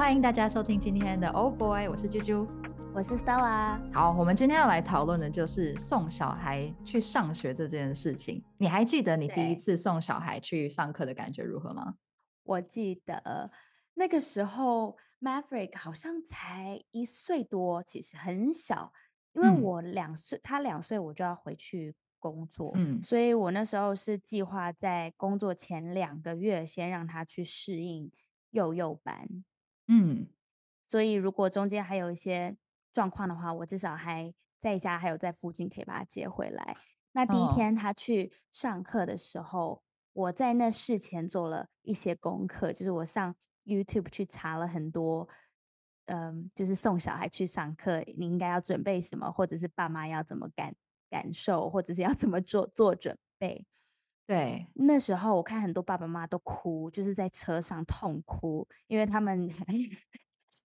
歡迎大家收聽今天的《Oh Boy》，我是啾啾，我是 Stella。好，我們今天要來討論的就是送小孩去上學這件事情。你還記得你第一次送小孩去上課的感覺如何嗎？我記得那個時候，Maverick 好像才一歲多，其實很小，因為我兩歲，嗯、他兩歲，我就要回去工作，嗯，所以我那時候是計劃在工作前兩個月先讓他去適應幼幼班。嗯，所以如果中間還有一些狀況的話，我至少還在家，還有在附近可以把他接回來。那第一天他去上課的時候，哦、我在那事前做了一些功課，就是我上 YouTube 去查了很多，嗯，就是送小孩去上課，你應該要準備什麼，或者是爸媽要怎麼感感受，或者是要怎麼做做準備。對，那時候我看很多爸爸媽媽都哭，就是在車上痛哭，因為他們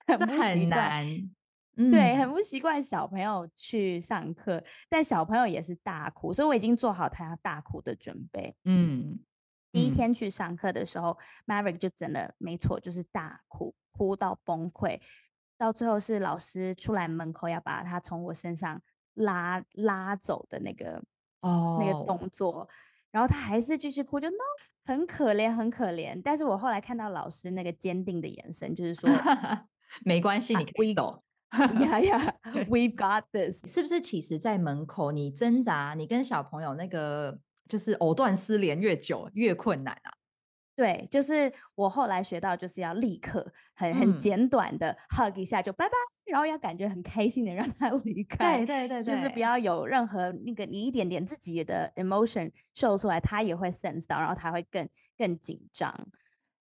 很不習慣。嗯、對，很不習慣小朋友去上課，嗯、但小朋友也是大哭，所以我已經做好他要大哭的準備。嗯，第一天去上課的時候、嗯、Maverick 就真的沒錯，就是大哭，哭到崩潰，到最後是老師出來門口要把他從我身上拉拉走的那個哦，那個動作。然後他還是繼續哭，就 no，很可憐，很可憐。但是我後來看到老師那個堅定的眼神，就是說 沒關係，你可以走。Yeah, yeah，we've got this。是不是其實，在門口你掙扎，你跟小朋友那個就是藕斷絲連越久越困難啊？對，就是我後來學到，就是要立刻很、嗯、很簡短的 hug 一下，就拜拜，然後要感覺很開心的讓他離開。對對對，對對對，就是不要有任何那個你一點點自己的 emotion show 出來，他也會 sense 到，然後他會更更緊張。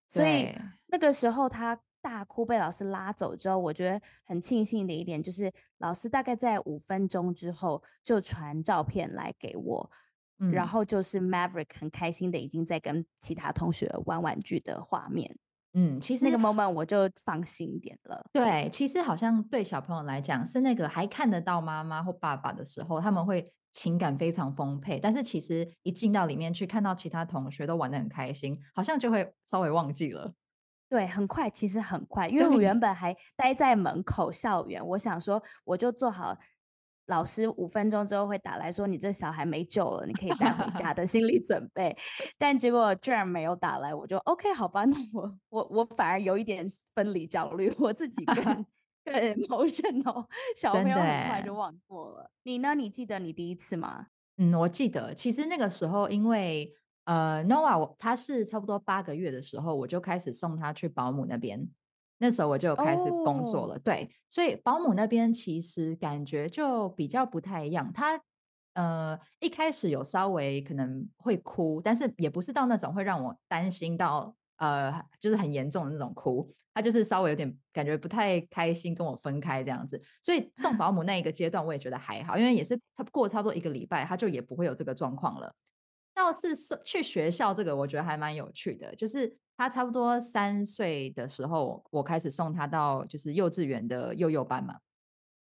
所以對那個時候他大哭被老師拉走之後，我覺得很慶幸的一點就是，老師大概在五分鐘之後就傳照片來給我。嗯、然後就是 Maverick 很開心的已經在跟其他同學玩玩具的畫面。嗯，其實，其實那個 moment 我就放心一點了。對，其實好像對小朋友來講，是那個還看得到媽媽或爸爸的時候，他們會情感非常豐沛。但是其實一進到裡面去，看到其他同學都玩得很開心，好像就會稍微忘記了。對，很快，其實很快，因為我原本還待在門口校園，對我想說我就做好。老師五分鐘之後會打來說，你這小孩沒救了，你可以帶回家的心理準備， 但結果居然沒有打來，我就 OK 好吧，那我我我反而有一點分離焦慮，我自己跟對 emotional 哦， 小朋友很快就忘過了。真的。你呢？你記得你第一次嗎？嗯，我記得，其實那個時候因為呃，Noah 他是差不多八個月的時候，我就開始送他去保姆那邊。那時候我就開始工作了，oh. 對，所以保姆那邊其實感覺就比較不太一樣。他呃一開始有稍微可能會哭，但是也不是到那種會讓我擔心到呃就是很嚴重的那種哭，他就是稍微有點感覺不太開心跟我分開這樣子。所以送保姆那一個階段我也覺得還好， 因為也是過差不多一個禮拜，他就也不會有這個狀況了。倒是去學校這個，我覺得還蠻有趣的，就是。他差不多三歲的時候，我開始送他到就是幼稚園的幼幼班嘛。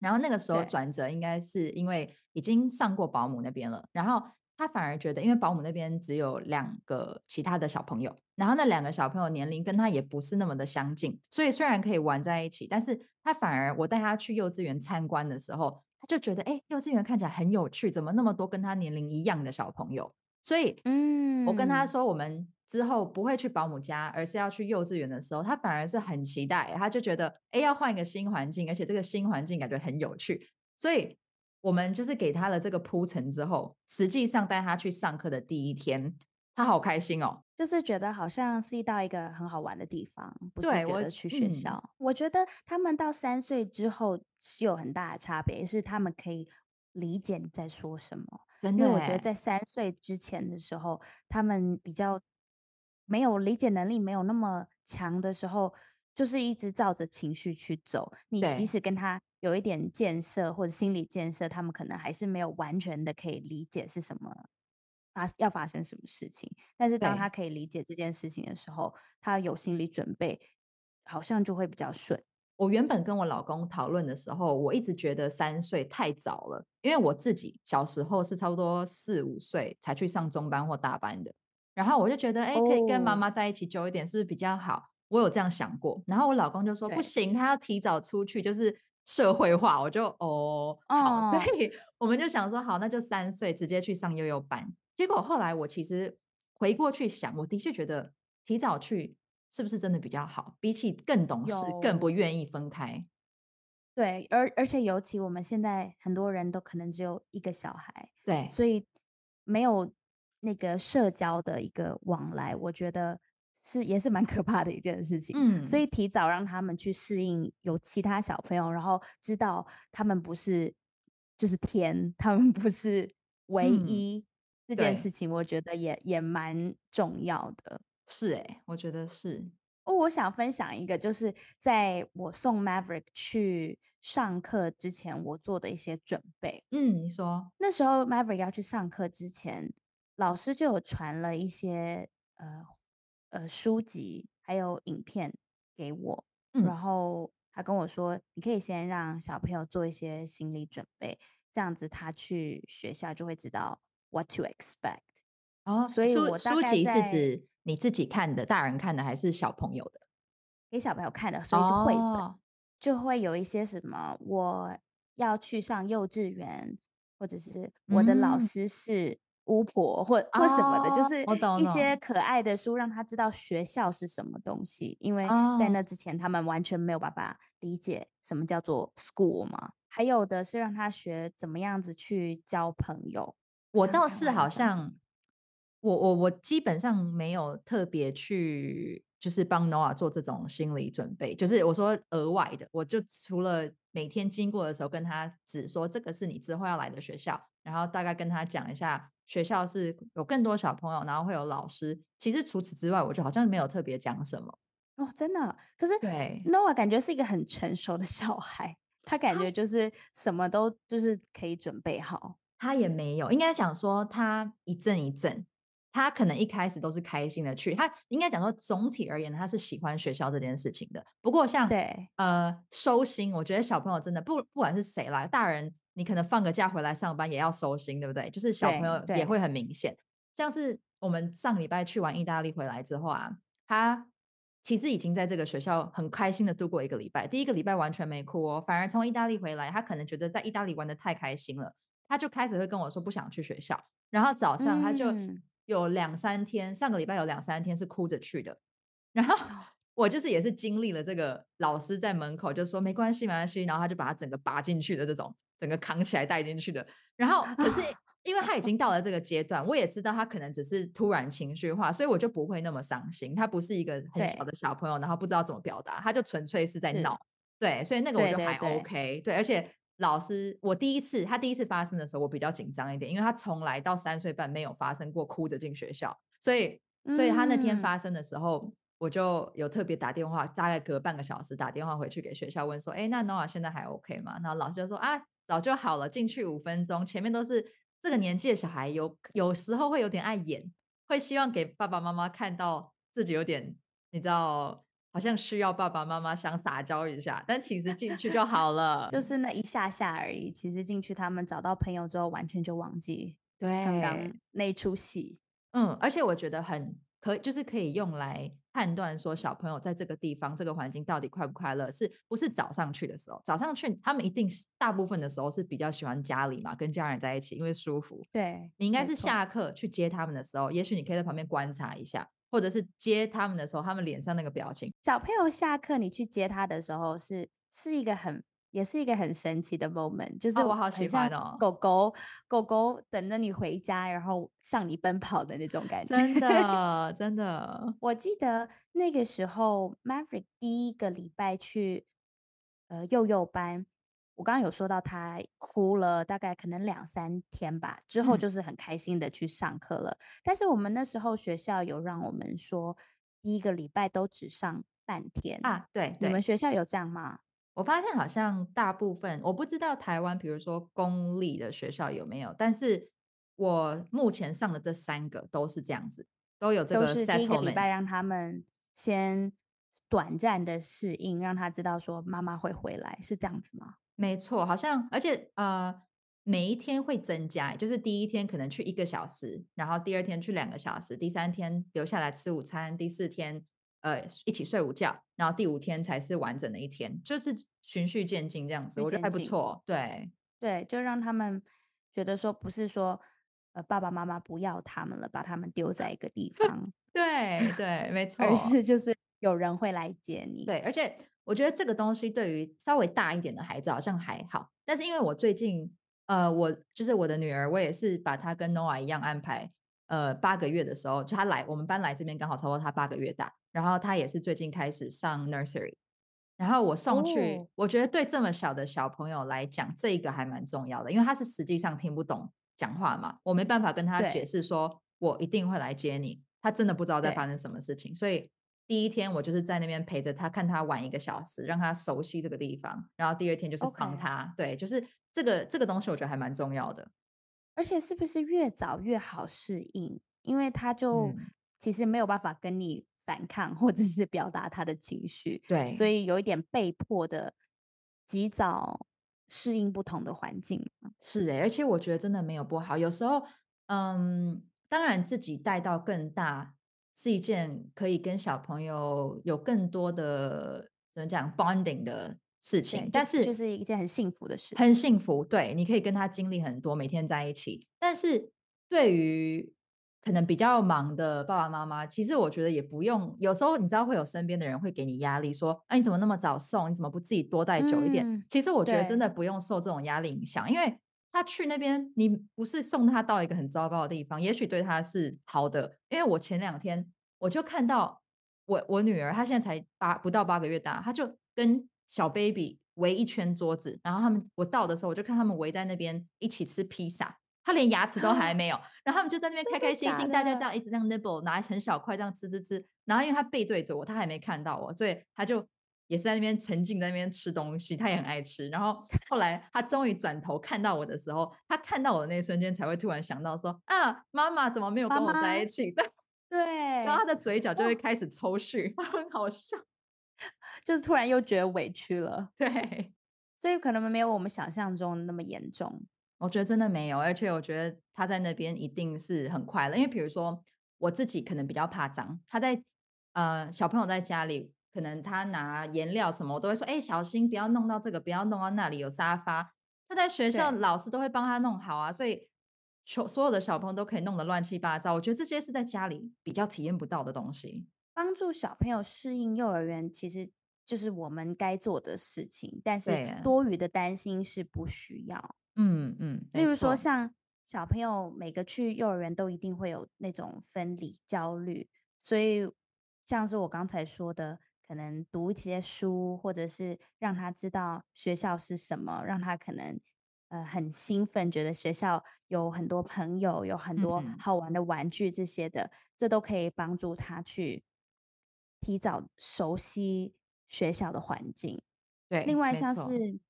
然後那個時候轉折，應該是因為已經上過保姆那邊了。對然後他反而覺得，因為保姆那邊只有兩個其他的小朋友，然後那兩個小朋友年齡跟他也不是那麼的相近，所以雖然可以玩在一起，但是他反而我帶他去幼稚園參觀的時候，他就覺得，誒，幼稚園看起來很有趣，怎麼那麼多跟他年齡一樣的小朋友？所以，嗯，我跟他說我們、嗯。之後不會去保姆家，而是要去幼稚園的時候，他反而是很期待、欸，他就覺得哎、欸、要換一個新環境，而且這個新環境感覺很有趣，所以我們就是給他了這個鋪陳之後，實際上帶他去上課的第一天，他好開心哦、喔，就是覺得好像是到一個很好玩的地方，不是覺得去學校。我，嗯、我覺得他們到三歲之後是有很大的差別，是他們可以理解你在說什麼，真的欸、因為我覺得在三歲之前的時候，他們比較。沒有理解能力，沒有那麼強的時候，就是一直照着情緒去走。你即使跟他有一點建設，或者心理建設，他們可能還是沒有完全的可以理解是什麼，發要發生什麼事情。但是當他可以理解這件事情的時候，對他有心理準備，好像就會比較順。我原本跟我老公討論的時候，我一直覺得三歲太早了，因為我自己小時候是差不多四五歲才去上中班或大班的。然後我就覺得，哎、欸，可以跟媽媽在一起久一點，oh. 是不是比較好？我有這樣想過。然後我老公就說對不行，他要提早出去，就是社會化。我就哦，oh, oh. 好，所以我們就想說，好，那就三歲直接去上幼幼班。結果後來我其實回過去想，我的確覺得提早去是不是真的比較好，比起更懂事、有更不願意分開。對，而而且尤其我們現在很多人都可能只有一個小孩，對，所以沒有。那個社交的一個往來，我覺得是也是蠻可怕的一件事情。嗯，所以提早讓他們去適應有其他小朋友，然後知道他們不是就是天，他們不是唯一這、嗯、件事情，我覺得也對也，也蠻重要的。是哎、欸，我覺得是哦。我想分享一個，就是在我送 Maverick 去上課之前，我做的一些準備。嗯，你說那時候 Maverick 要去上課之前。老師就有傳了一些呃呃書籍，還有影片給我，嗯、然後他跟我說，你可以先讓小朋友做一些心理準備，這樣子他去學校就會知道 what to expect。哦，所以我大概在給小朋友看的，書,書籍是指你自己看的，大人看的還是小朋友的？給小朋友看的，所以是繪本，哦、就會有一些什麼，我要去上幼稚園，或者是我的老師是、嗯。巫婆或或什麼的，oh, 就是一些可愛的書，讓他知道學校是什麼東西。Oh, no, no. 因為在那之前，他們完全沒有辦法理解什麼叫做 school 嘛。還有的是讓他學怎麼樣子去交朋友。我倒是好像，我我我基本上沒有特別去，就是幫 Noah 做這種心理準備。就是我說額外的，我就除了每天經過的時候跟他指說這個是你之後要來的學校，然後大概跟他講一下，學校是有更多小朋友，然後會有老師。其實除此之外，我就好像沒有特別講什麼哦，真的。可是對 Noah 感覺是一個很成熟的小孩，他感覺就是什麼都就是可以準備好。啊、他也沒有，應該講說他一陣一陣，他可能一開始都是開心的去。他應該講說總體而言，他是喜歡學校這件事情的。不過像對呃收心，我覺得小朋友真的不不管是誰啦，大人。你可能放個假回來上班也要收心，對不對？就是小朋友也會很明顯，像是我們上禮拜去完意大利回來之後啊，他其實已經在這個學校很開心的度過一個禮拜，第一個禮拜完全沒哭哦，反而從意大利回來，他可能覺得在意大利玩得太開心了，他就開始會跟我說不想去學校，然後早上他就有兩三天，嗯、上個禮拜有兩三天是哭着去的，然後。我就是也是經歷了這個老師在門口就說沒關係沒關係，然後他就把他整個拔進去的這種，整個扛起來帶進去的。然後可是因為他已經到了這個階段，我也知道他可能只是突然情緒化，所以我就不會那麼傷心。他不是一個很小的小朋友，然後不知道怎麼表達，他就純粹是在鬧。對，所以那個我就還 OK。對，而且老師，我第一次他第一次發生的時候，我比較緊張一點，因為他從來到三歲半沒有發生過哭着進學校，所以所以他那天發生的時候。我就有特別打電話，大概隔半個小時打電話回去給學校問說：“哎，那諾瓦現在還 OK 嗎？”然後老師就說：“啊，早就好了，進去五分鐘，前面都是這個年紀的小孩有，有有時候會有點愛演，會希望給爸爸媽媽看到自己有點，你知道，好像需要爸爸媽媽，想撒嬌一下。 但其實進去就好了，就是那一下下而已。其實進去他們找到朋友之後，完全就忘記對剛剛那出戲。嗯，而且我覺得很。”可以，就是可以用來判斷說小朋友在這個地方，這個環境到底快不快樂，是不是早上去的時候，早上去他們一定是大部分的時候是比較喜歡家裡嘛，跟家人在一起，因為舒服。對，你應該是下課去接他們的時候，沒錯。也許你可以在旁邊觀察一下，或者是接他們的時候，他們臉上那個表情。小朋友下課你去接他的時候是，是是一個很。也是一個很神奇的 moment，就是很像狗狗，我好喜歡哦，狗狗等着你回家，然後向你奔跑的那種感覺，真的，真的。 我記得那個時候，Maverick 第一個禮拜去呃幼幼班，我剛剛有說到他哭了，大概可能兩三天吧，之後就是很開心的去上課了。嗯、但是我們那時候學校有讓我們說，第一個禮拜都只上半天。啊，對，對。你們學校有這樣嗎？我發現好像大部分，我不知道台灣，比如說公立的學校有沒有，但是我目前上的這三個都是這樣子，都有這個 settlement，都是第一個禮拜讓他們先短暫的適應，讓他知道說媽媽會回來，是這樣子嗎？沒錯，好像，而且，呃，每一天會增加，就是第一天可能去一個小時，然後第二天去兩個小時，第三天留下來吃午餐，第四天。呃，一起睡午覺，然後第五天才是完整的一天，就是循序漸進這樣子，我覺得還不錯。對對，就讓他們覺得說，不是說，呃，爸爸媽媽不要他們了，把他們丟在一個地方。 對對，沒錯。 而是就是有人會來接你。對，而且我覺得這個東西對於稍微大一點的孩子好像還好，但是因為我最近呃，我就是我的女兒，我也是把她跟 Noah 一樣安排，呃，八個月的時候就她來我們搬來這邊，剛好超過她八個月大。然後他也是最近開始上 nursery，然後我送去，哦、我覺得對這麼小的小朋友來講，這個還蠻重要的，因為他是實際上聽不懂講話嘛，我沒辦法跟他解釋說對我一定會來接你，他真的不知道在發生什麼事情，對所以第一天我就是在那邊陪着他，看他玩一個小時，讓他熟悉這個地方，然後第二天就是幫他，Okay 對，就是這個這個東西我覺得還蠻重要的，而且是不是越早越好適應，因為他就其實沒有辦法跟你、嗯。反抗或者是表達他的情緒，對，所以有一點被迫的及早適應不同的環境。是哎、欸，而且我覺得真的沒有不好。有時候，嗯，當然自己帶到更大是一件可以跟小朋友有更多的怎麼講 bonding 的事情，對但是就，就是一件很幸福的事，很幸福。對，你可以跟他經歷很多，每天在一起。但是對於可能比較忙的爸爸媽媽，其實我覺得也不用。有時候你知道會有身邊的人會給你壓力，說：“哎、啊，你怎麼那麼早送？你怎麼不自己多帶久一點？”嗯、其實我覺得真的不用受這種壓力影響，對因為他去那邊，你不是送他到一個很糟糕的地方，也許對他是好的。因為我前兩天我就看到我我女兒，她現在才八不到八個月大，她就跟小 baby 圍一圈桌子，然後他們我到的時候，我就看他們圍在那邊一起吃披薩。他連牙齒都還沒有，嗯、然後他們就在那邊開開心心，真的假的大家，這樣一直這樣 nibble，拿很小塊這樣吃吃吃。然後因為他背對着我，他還沒看到我，所以他就也是在那邊沉浸在那邊吃東西。他也很愛吃。然後後來他終於轉頭看到我的時候，他看到我的那一瞬間才會突然想到說：“啊，媽媽怎麼沒有跟我在一起？”媽媽。對。對，然後他的嘴角就會開始抽搐，很哇 好笑像。就是突然又覺得委屈了。對，所以可能沒有我們想象中那麼嚴重。我覺得真的沒有，而且我覺得他在那邊一定是很快樂，因為譬如說我自己可能比較怕髒，他在呃小朋友在家裡，可能他拿顏料什麼，我都會說哎，小心不要弄到這個，不要弄到那裡有沙發。他在學校對老師都會幫他弄好啊，所以所所有的小朋友都可以弄得亂七八糟。我覺得這些是在家裡比較體驗不到的東西。幫助小朋友適應幼兒園，其實就是我們該做的事情，但是多餘的擔心是不需要。嗯嗯，嗯，例如說像小朋友每個去幼兒園都一定會有那種分離焦慮，所以像是我剛才說的，可能讀一些書，或者是讓他知道學校是什麼，讓他可能呃很興奮，覺得學校有很多朋友，有很多好玩的玩具這些的，嗯嗯，這都可以幫助他去提早熟悉學校的環境。對，另外像是。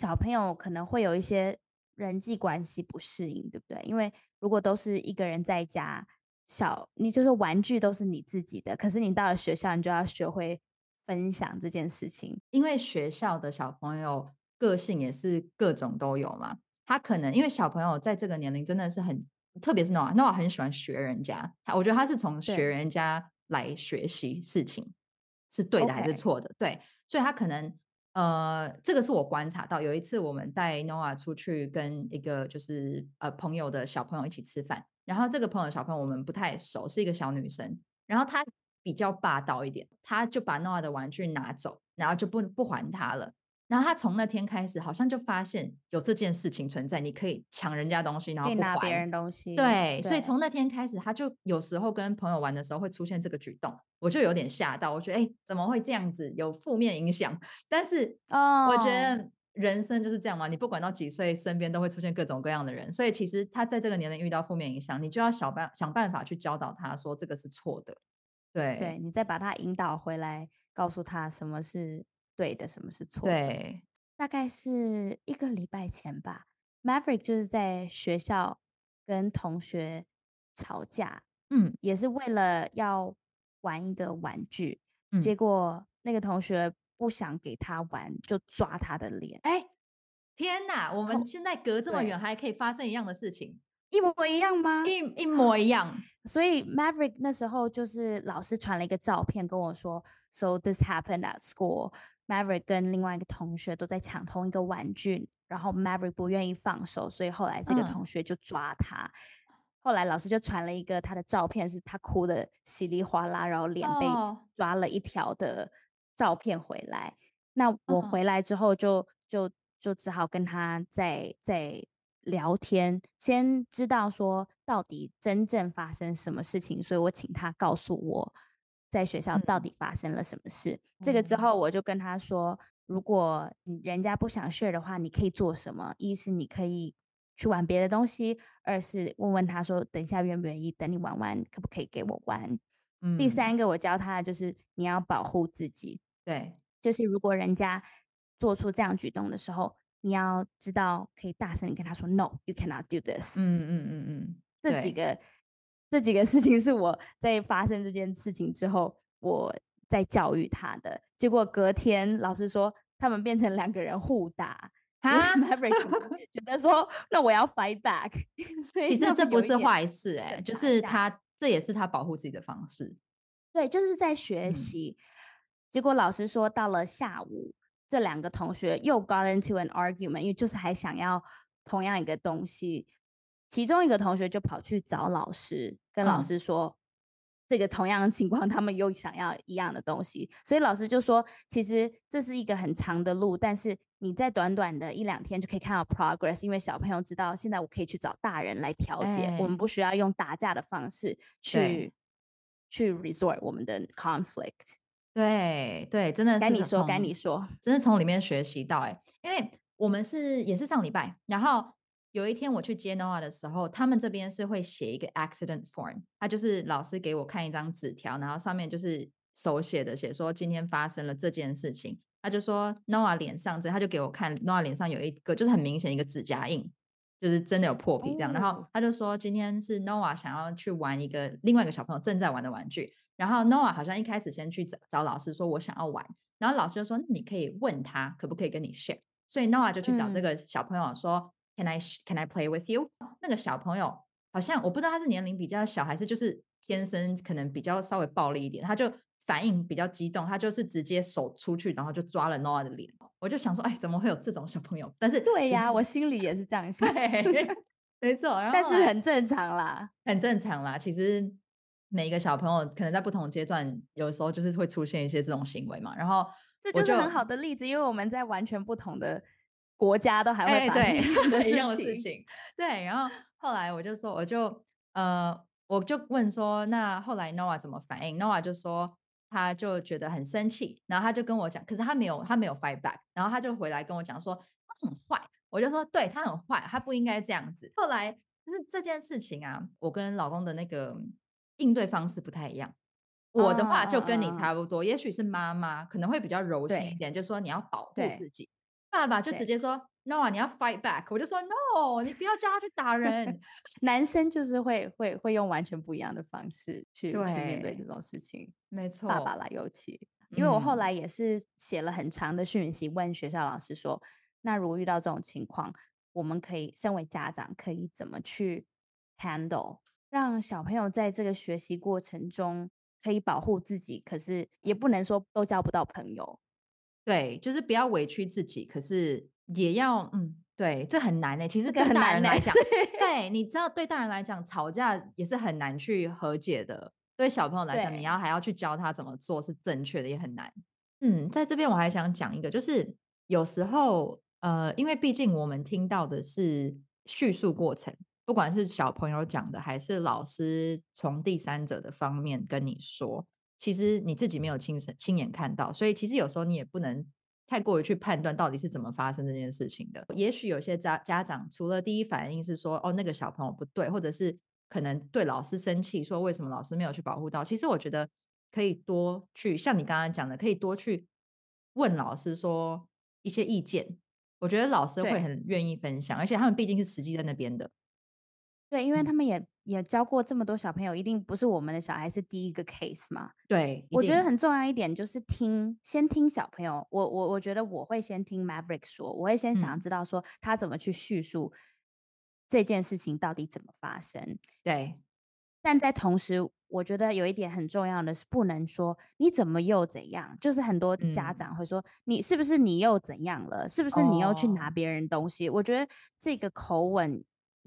小朋友可能會有一些人際關係不適應，對不對？因為如果都是一個人在家，小你就是玩具都是你自己的，可是你到了學校，你就要學會分享這件事情。因為學校的小朋友個性也是各種都有嘛，他可能因為小朋友在這個年齡真的是很，特別是諾娃，諾娃很喜歡學人家，我覺得他是從學人家來學習事情，對，是對的還是錯的，Okay. 對，所以他可能。呃，這個是我觀察到，有一次我們帶 Noah 出去跟一個就是呃朋友的小朋友一起吃飯，然後這個朋友的小朋友我們不太熟，是一個小女生，然後她比較霸道一點，她就把 Noah 的玩具拿走，然後就不不還他了。然後他從那天開始，好像就發現有這件事情存在。你可以搶人家東西，然後不還，可以拿別人東西。對，對。所以從那天開始，他就有時候跟朋友玩的時候會出現這個舉動，我就有點嚇到。我覺得，哎、欸，怎麼會這樣子？有負面影響。但是，我覺得人生就是這樣嘛。你不管到幾歲，身邊都會出現各種各樣的人。所以，其實他在這個年齡遇到負面影響，你就要想辦想辦法去教導他說這個是錯的。對，對，你再把他引導回來，告訴他什麼是。對的，什麼是錯？對，大概是一個禮拜前吧。Maverick 就是在學校跟同學吵架，嗯，也是為了要玩一個玩具，嗯，結果那個同學不想給他玩，就抓他的臉。哎，天哪！我們現在隔這麼遠，還可以發生一樣的事情，一模一樣嗎？一一模一樣。嗯，所以 Maverick 那時候就是老師傳了一個照片跟我說：“So this happened at school.” Maverick 跟另外一個同學都在搶同一個玩具，然後 Maverick 不願意放手，所以後來這個同學就抓他。嗯、後來老師就傳了一個他的照片，是他哭的稀里嘩啦，然後臉被抓了一條的照片回來。哦、那我回來之後就就就，就只好跟他在在聊天，先知道說到底真正發生什麼事情，所以我請他告訴我。在學校到底發生了什麼事？嗯、這個之後我就跟他說，如果人家不想 share 的話，你可以做什麼？一是你可以去玩別的東西，二是問問他說，等一下願不願意？等你玩完可不可以給我玩？嗯、第三個我教他就是你要保護自己，對，就是如果人家做出這樣舉動的時候，你要知道可以大聲跟他說 “No，you cannot do this。”嗯嗯嗯嗯，這幾個。這幾個事情是我在發生這件事情之後，我在教育他的。結果隔天老師說他們變成兩個人互打，他蛤覺得說 那我要 fight back。所以其實這不是壞事，欸、打打就是他這也是他保護自己的方式。對，就是在學習。嗯、結果老師說到了下午，這兩個同學又 got into an argument，因為就是還想要同樣一個東西。其中一個同學就跑去找老師。跟老師說，oh. 這個同樣的情況，他們又想要一樣的東西，所以老師就說，其實這是一個很長的路，但是你在短短的一兩天就可以看到 progress，因為小朋友知道現在我可以去找大人來調節，欸、我們不需要用打架的方式去對去 resort 我們的 conflict。對對，真的是該你說，該你說，你說真的從裡面學習到哎、欸，因為我們是也是上禮拜，然後。有一天我去接 Noah 的時候，他們這邊是會寫一個 accident form，他就是老師給我看一張紙條，然後上面就是手寫的，寫說今天發生了這件事情。他就說 Noah 臉上這，他就給我看 Noah 臉上有一個就是很明顯一個指甲印，就是真的有破皮這樣。哦、然後他就說今天是 Noah 想要去玩一個另外一個小朋友正在玩的玩具，然後 Noah 好像一開始先去找找老師，說我想要玩，然後老師就說你可以問他可不可以跟你 share，所以 Noah 就去找這個小朋友說。嗯 Can I can I play with you？那個小朋友，好像我不知道他是年齡比較小，還是就是天生可能比較稍微暴力一點，他就反應比較激動，他就是直接手出去，然後就抓了 Noah 的臉。我就想說，哎，怎麼會有這種小朋友？但是對呀、啊，實我心裡也是這樣想，沒錯，但是很正常啦，很正常啦。其實每一個小朋友可能在不同階段，有時候就是會出現一些這種行為嘛。然後這就是很好的例子，就因為我們在完全不同的。國家都還會發生，欸、的事情， 對。然後後來我就說，我就呃，我就問說，那後來 Noah 怎麼反應？Noah 就說，他就覺得很生氣，然後他就跟我講，可是他沒有他沒有 fight back，然後他就回來跟我講說，他很壞。我就說，對，他很壞，他不應該這樣子。後來就是這件事情啊，我跟老公的那個應對方式不太一樣，我的話就跟你差不多，啊、也許是媽媽可能會比較柔性一點，對就說你要保護自己。爸爸就直接說對 “No 啊，你要 fight back。”我就說 “No，你不要叫他去打人。” 男生就是會會會用完全不一樣的方式去對去面對這種事情，沒錯。爸爸啦，尤其因為我後來也是寫了很長的訊息問學校老師說：“嗯、那如果遇到這種情況，我們可以身為家長可以怎麼去 handle，讓小朋友在這個學習過程中可以保護自己，可是也不能說都交不到朋友。”對，就是不要委屈自己，可是也要嗯，嗯，對，這很難誒、欸。其實跟大人來講，來講。對，對，你知道，對大人來講，吵架也是很難去和解的。對小朋友來講，對，你要還要去教他怎麼做是正確的，也很難。嗯，在這邊我還想講一個，就是有時候呃，因為畢竟我們聽到的是敘述過程，不管是小朋友講的，還是老師從第三者的方面跟你說。其實你自己沒有親身親眼看到，所以其實有時候你也不能太過於去判斷到底是怎麼發生這件事情的。也許有些家家長除了第一反應是說，哦，那個小朋友不對，或者是可能對老師生氣，說為什麼老師沒有去保護到。其實我覺得可以多去，像你剛剛講的，可以多去問老師說一些意見。我覺得老師會很願意分享，對而且他們畢竟是實際在那邊的。對，因為他們也。嗯也教過這麼多小朋友，一定不是我們的小孩是第一個 case 嘛？對，我覺得很重要一點就是聽，先聽小朋友。我我我覺得我會先聽 Maverick 說，我會先想要知道說他怎麼去敘述這件事情到底怎麼發生。嗯、對，但在同時，我覺得有一點很重要的是，不能說你怎麼又怎樣，就是很多家長會說、嗯、你是不是你又怎樣了？是不是你又去拿別人東西？哦、我覺得這個口吻。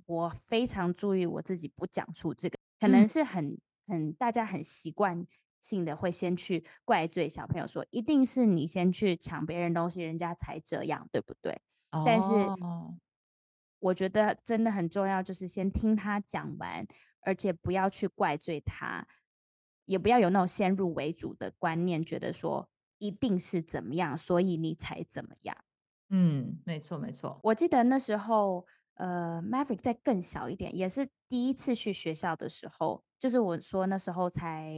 我非常注意我自己不講出這個，可能是很很大家很習慣性的會先去怪罪小朋友，說一定是你先去搶別人東西，人家才這樣，對不對？哦，但是我覺得真的很重要，就是先聽他講完，而且不要去怪罪他，也不要有那種先入為主的觀念，覺得說一定是怎麼樣，所以你才怎麼樣。嗯，沒錯，沒錯。我記得那時候。呃，Maverick 再更小一點，也是第一次去學校的時候，就是我說那時候才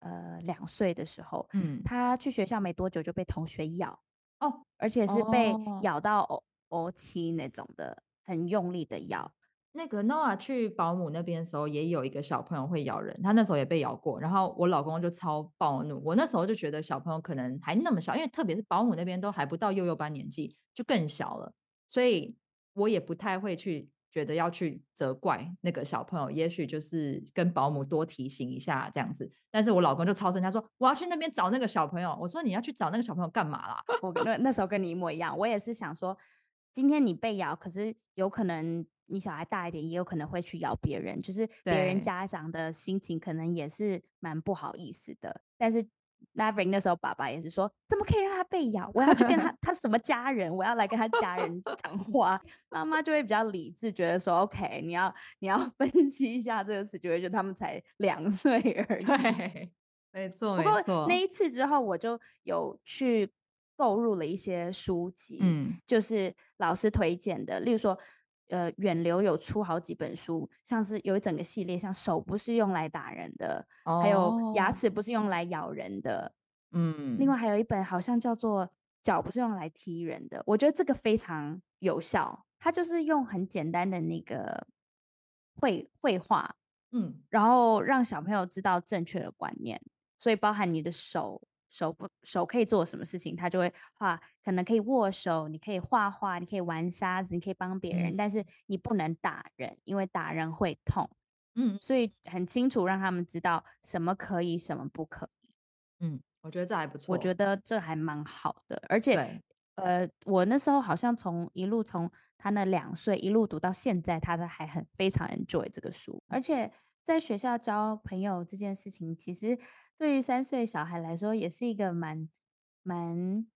呃兩歲的時候，嗯，他去學校沒多久就被同學咬哦，而且是被咬到哦哦，哦七那種的，很用力的咬。那個 Noah 去保姆那邊的時候，也有一個小朋友會咬人，他那時候也被咬過，然後我老公就超暴怒，我那時候就覺得小朋友可能還那麼小，因為特別是保姆那邊都還不到幼幼班年紀，就更小了，所以。我也不太會去覺得要去責怪那個小朋友，也許就是跟保姆多提醒一下這樣子。但是我老公就超生氣，他說我要去那邊找那個小朋友。我說，你要去找那個小朋友幹嘛啦？我那那時候跟你一模一樣，我也是想說，今天你被咬，可是有可能你小孩大一點，也有可能會去咬別人，就是別人家長的心情可能也是蠻不好意思的。但是。那 a 那時候，爸爸也是說，怎麼可以讓他被咬？我要去跟他，他什麼家人？我要來跟他家人講話。 媽媽就會比較理智，覺得說，OK，你要你要分析一下這個 situation，他們才兩歲而已。對，沒錯沒錯。不過那一次之後，我就有去購入了一些書籍，嗯，就是老師推薦的，例如說。呃，遠流有出好幾本書，像是有一整個系列，像手不是用來打人的，oh、還有牙齒不是用來咬人的，嗯，另外還有一本好像叫做腳不是用來踢人的，我覺得這個非常有效，它就是用很簡單的那個繪繪畫，嗯，然後讓小朋友知道正確的觀念，所以包含你的手。手不手可以做什麼事情，他就會畫。可能可以握手，你可以畫畫，你可以玩沙子，你可以幫別人，嗯、但是你不能打人，因為打人會痛。嗯，所以很清楚讓他們知道什麼可以，什麼不可以。嗯，我覺得這還不錯。我覺得這還蠻好的，而且對呃，我那時候好像從一路從他那兩歲一路讀到現在，他都還很非常 enjoy 這個書，而且。在學校交朋友這件事情，其實對於三歲小孩來說，也是一個蠻蠻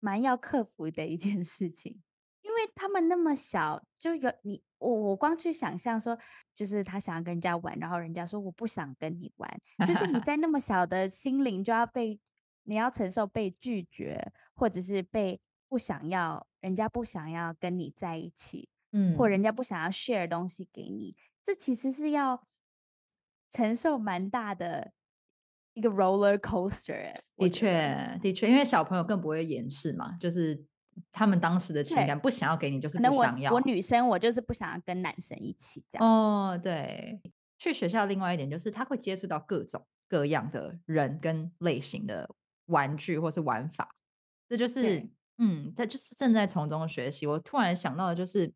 蠻要克服的一件事情，因為他們那麼小，就有你我，我光去想象說，就是他想要跟人家玩，然後人家說我不想跟你玩，就是你在那麼小的心靈就要被 你要承受被拒絕，或者是被不想要，人家不想要跟你在一起，嗯，或人家不想要 share 東西給你。這其實是要承受蠻大的一個 roller coaster。的確，的確，因為小朋友更不會掩飾嘛，就是他們當時的情感對不想要給你，就是不想要。我，我女生，我就是不想要跟男生一起這樣。哦，對。去學校，另外一點就是，他會接觸到各種各樣的人跟類型的玩具或是玩法，這就是，對嗯，在就是正在從中學習。我突然想到的就是。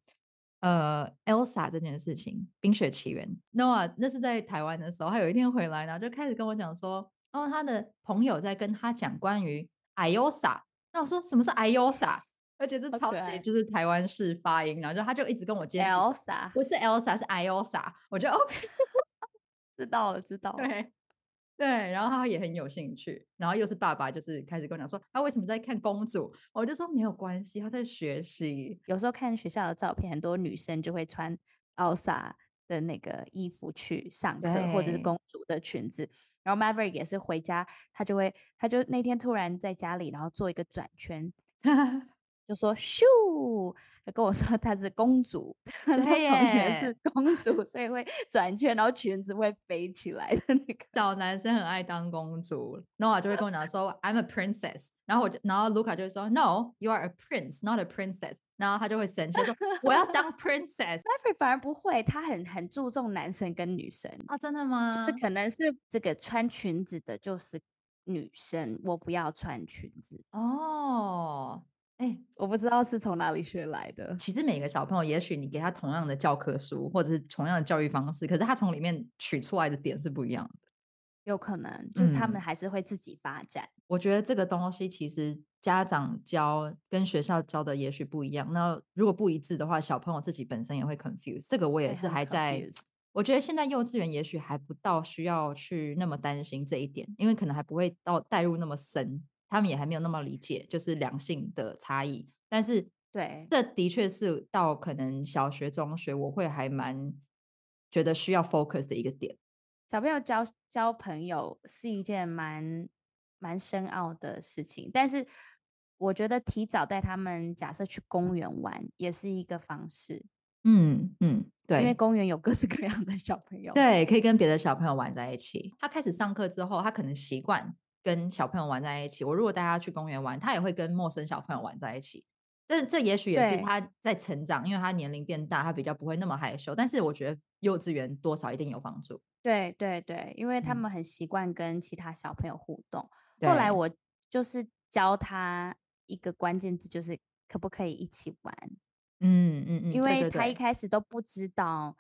呃，Elsa 這件事情，《冰雪奇緣》。Noah，那是在台灣的時候，他有一天回來然後就開始跟我講說，哦，他的朋友在跟他講關於 IOSA。那我說什麼是 IOSA？ 而且是超級就是台灣式發音，然後就他就一直跟我堅持，Elsa Elsa 不是 Elsa 是 IOSA，我就 OK， 知道了，知道了。對對，然後他也很有興趣，然後又是爸爸，就是開始跟我講說，他為什麼在看公主？我就說沒有關係，他在學習。有時候看學校的照片，很多女生就會穿奧莎的那個衣服去上課，對或者是公主的裙子。然後 Maverick 也是回家，他就會，他就那天突然在家裡，然後做一個轉圈。 就說咻，他跟我說，她是公主，他的同學是公主，耶所以會轉圈，然後裙子會飛起來的那個。小男生很愛當公主，Noah 就會跟我講說 I'm a princess。然後我就，就然後 Luca 就會說 No，you are a prince，not a princess。然後他就會生氣說 我要當 princess。Efrain 反而不會，他很很注重男生跟女生啊。真的嗎？就是可能是這個穿裙子的就是女生，我不要穿裙子哦。誒，我不知道是從哪裡學來的。其實每個小朋友，也許你給他同樣的教科書或者是同樣的教育方式，可是他從裡面取出來的點是不一樣的。有可能就是他們還是會自己發展。嗯，我覺得這個東西其實家長教跟學校教的也許不一樣。那如果不一致的話，小朋友自己本身也會 confuse。這個我也是還在。還我覺得現在幼稚園也許還不到需要去那麼擔心這一點，因為可能還不會到帶入那麼深。他們也還沒有那麼理解，就是兩性的差異。但是，對，這的確是到可能小學、中學，我會還蠻覺得需要 focus 的一個點。小朋友交交朋友是一件蠻蠻深奧的事情，但是我覺得提早帶他們，假設去公園玩，也是一個方式。嗯嗯，對，因為公園有各式各樣的小朋友，對，可以跟別的小朋友玩在一起。他開始上課之後，他可能習慣。跟小朋友玩在一起，我如果帶他去公園玩，他也會跟陌生小朋友玩在一起。但這也許也是他在成長，對因為他年齡變大，他比較不會那麼害羞。但是我覺得幼稚園多少一定有幫助。對對對，因為他們很習慣跟其他小朋友互動。嗯、後來我就是教他一個關鍵字，就是可不可以一起玩。嗯嗯嗯，嗯嗯因為他一開始都不知道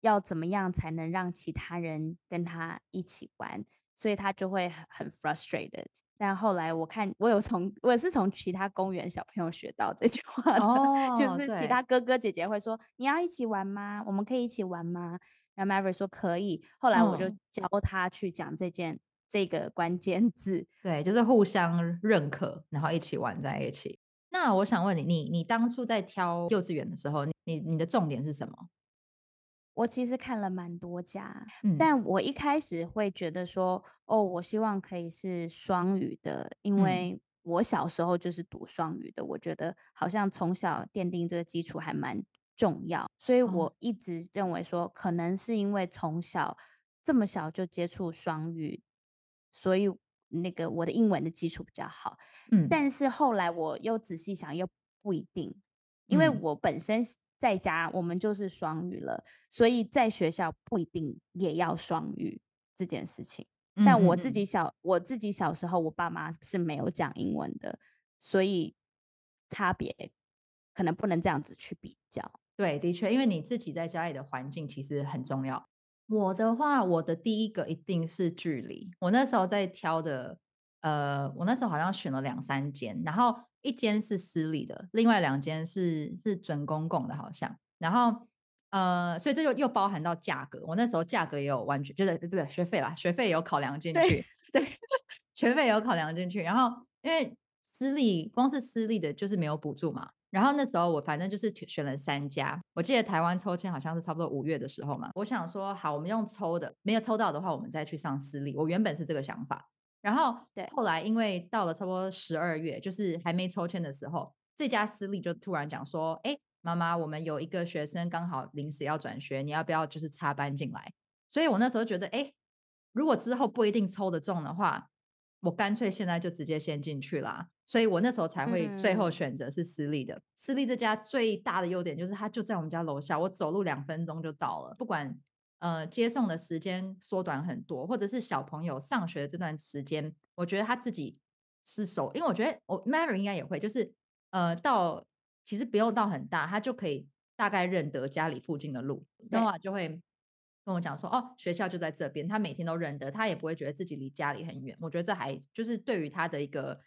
要怎麼樣才能讓其他人跟他一起玩。所以他就會很 frustrated，但後來我看我有從我也是從其他公園小朋友學到這句話的，哦、就是其他哥哥姐姐會說對你要一起玩嗎？我們可以一起玩嗎？然後 Mary 說可以，後來我就教他去講這件、嗯、這個關鍵字，對，就是互相認可，然後一起玩在一起。那我想問你，你你當初在挑幼稚園的時候，你你，你的重點是什麼？我其實看了蠻多家，嗯、但我一開始會覺得說，哦，我希望可以是雙語的，因為我小時候就是讀雙語的，嗯、我覺得好像從小奠定這個基礎還蠻重要，所以我一直認為說，哦、可能是因為從小這麼小就接觸雙語，所以那個我的英文的基礎比較好。嗯、但是後來我又仔細想，又不一定，因為我本身、嗯。在家我們就是雙語了，所以在學校不一定也要雙語這件事情。但我自己小，我自己小時候，我爸媽是沒有講英文的，所以差別可能不能這樣子去比較。對，的確，因為你自己在家裡的環境其實很重要。我的話，我的第一個一定是距離。我那時候在挑的，呃，我那時候好像選了兩三間，然後。一間是私立的，另外兩間是是準公共的，好像。然後，呃，所以這就又包含到價格。我那時候價格也有完全，就是對不對？學費啦，學費也有考量進去，對，對 學費也有考量進去。然後，因為私立光是私立的，就是沒有補助嘛。然後那時候我反正就是選了三家。我記得台灣抽籤好像是差不多五月的時候嘛。我想說，好，我們用抽的，沒有抽到的話，我們再去上私立。我原本是這個想法。然後，對，後來因為到了差不多十二月，對就是還沒抽籤的時候，這家私立就突然講說，哎、欸，媽媽，我們有一個學生剛好臨時要轉學，你要不要就是插班進來？所以我那時候覺得，哎、欸，如果之後不一定抽得中的話，我乾脆現在就直接先進去啦。所以我那時候才會最後選擇是私立的。嗯嗯，私立這家最大的優點就是它就在我們家樓下，我走路兩分鐘就到了，不管。呃，接送的時間縮短很多，或者是小朋友上學的這段時間，我覺得他自己是熟，因為我覺得我 Mary 應該也會，就是呃到其實不用到很大，他就可以大概認得家裡附近的路，那對就會跟我講說哦，學校就在這邊，他每天都認得，他也不會覺得自己離家裡很遠，我覺得這還就是對於他的一個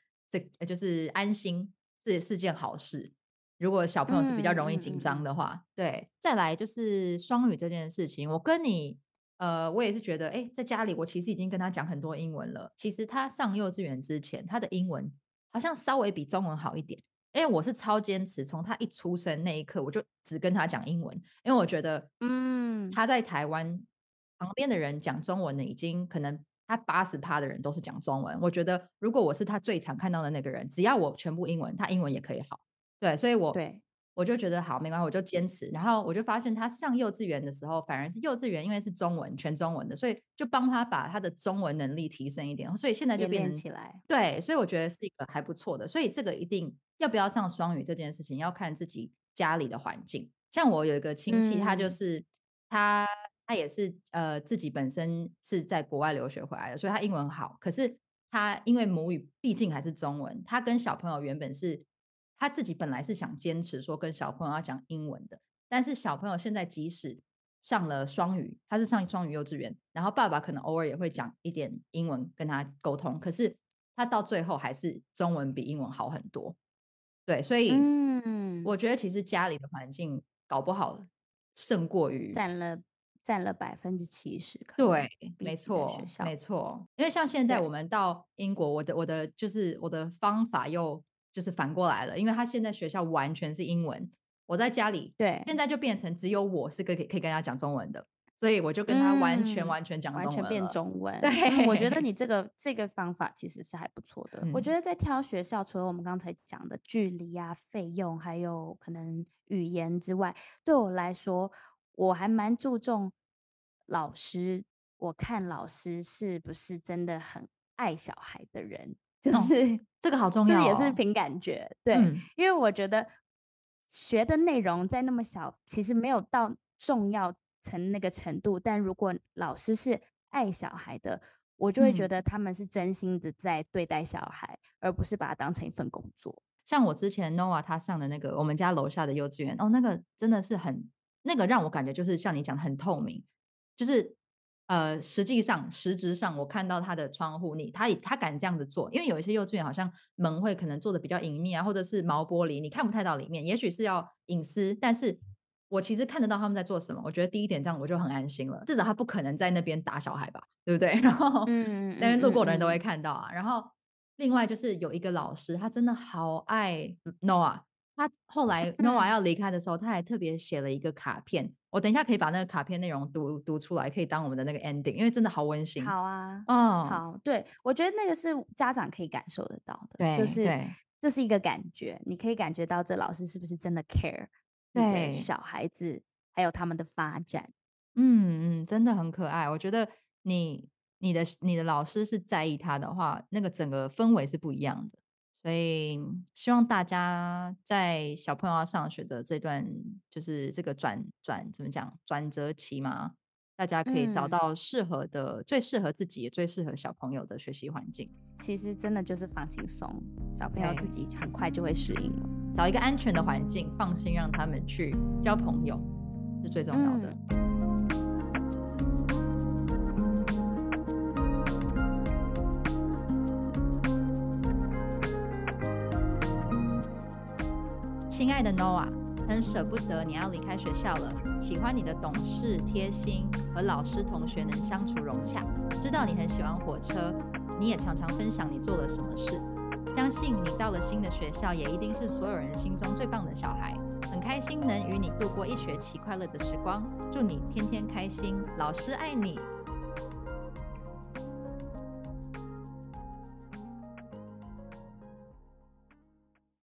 這就是安心，也是，是件好事。如果小朋友是比較容易緊張的話，嗯、對，再來就是雙語這件事情。我跟你，呃，我也是覺得，哎、欸，在家裡我其實已經跟他講很多英文了。其實他上幼稚園之前，他的英文好像稍微比中文好一點。因為我是超堅持，從他一出生那一刻，我就只跟他講英文。因為我覺得，嗯，他在台灣旁邊的人講中文的已經可能他八十趴的人都是講中文。我覺得如果我是他最常看到的那個人，只要我全部英文，他英文也可以好。對，所以，我，對，我就覺得好，沒關係，我就堅持。然後我就發現，他上幼稚園的時候，反而是幼稚園，因為是中文，全中文的，所以就幫他把他的中文能力提升一點。所以現在就變成起來，對，所以我覺得是一個還不錯的。所以這個一定，要不要上雙語這件事情，要看自己家裡的環境。像我有一個親戚，嗯、他就是他，他也是呃，自己本身是在國外留學回來的，所以他英文好，可是他因為母語畢竟還是中文，他跟小朋友原本是。他自己本來是想堅持說跟小朋友要講英文的，但是小朋友現在即使上了雙語，他是上雙語幼稚園，然後爸爸可能偶爾也會講一點英文跟他溝通，可是他到最後還是中文比英文好很多。對，所以嗯，我覺得其實家裡的環境搞不好勝過於占了占了百分之七十。對，沒錯，沒錯，因為像現在我們到英國，我的我的就是我的方法又。就是反過來了，因為他現在學校完全是英文，我在家裡，對，現在就變成只有我是可以可以跟他講中文的，所以我就跟他完全完全講中文、嗯、完全變中文。對、嗯，我覺得你這個這個方法其實是還不錯的。 我覺得在挑學校，除了我們剛才講的距離啊、費用，還有可能語言之外，對我來說，我還蠻注重老師，我看老師是不是真的很愛小孩的人。哦、就是這個好重要、哦，這也是憑感覺。對，嗯、因為我覺得學的內容在那麼小，其實沒有到重要成那個程度。但如果老師是愛小孩的，我就會覺得他們是真心的在對待小孩，嗯、而不是把它當成一份工作。像我之前 Noah 他上的那個我們家樓下的幼稚園，哦，那個真的是很那個讓我感覺就是像你講的很透明，就是。呃，實際上，實質上，我看到他的窗戶，你，他，他敢這樣子做，因為有一些幼稚園好像門會可能做的比較隱秘啊，或者是毛玻璃，你看不太到裡面，也許是要隱私，但是我其實看得到他們在做什麼，我覺得第一點這樣我就很安心了，至少他不可能在那邊打小孩吧，對不對？然後，嗯，嗯，嗯，嗯，嗯，但是路過的人都會看到啊。然後，另外就是有一個老師，他真的好愛 Noah。他後來 Noah 要離開的時候，他還特別寫了一個卡片。我等一下可以把那個卡片內容讀讀出來，可以當我們的那個 ending，因為真的好溫馨。好啊，嗯，oh, 好，對，我覺得那個是家長可以感受得到的，對就是這是一個感覺，對你可以感覺到這老師是不是真的 care 對小孩子對還有他們的發展，嗯嗯，真的很可愛。我覺得你你的你的老師是在意他的話，那個整個氛圍是不一樣的。所以，希望大家在小朋友要上學的這段，就是這個轉轉怎麼講轉折期嘛，大家可以找到適合的、嗯、最適合自己也最適合小朋友的學習環境。其實真的就是放輕鬆，小朋友自己很快就會適應。對。找一個安全的環境，放心讓他們去交朋友，是最重要的。嗯親愛的 Noah，很捨不得你要離開學校了。喜歡你的懂事、貼心，和老師同學能相處融洽。知道你很喜歡火車，你也常常分享你做了什麼事。相信你到了新的學校，也一定是所有人心中最棒的小孩。很開心能與你度過一學期快樂的時光，祝你天天開心。老師愛你。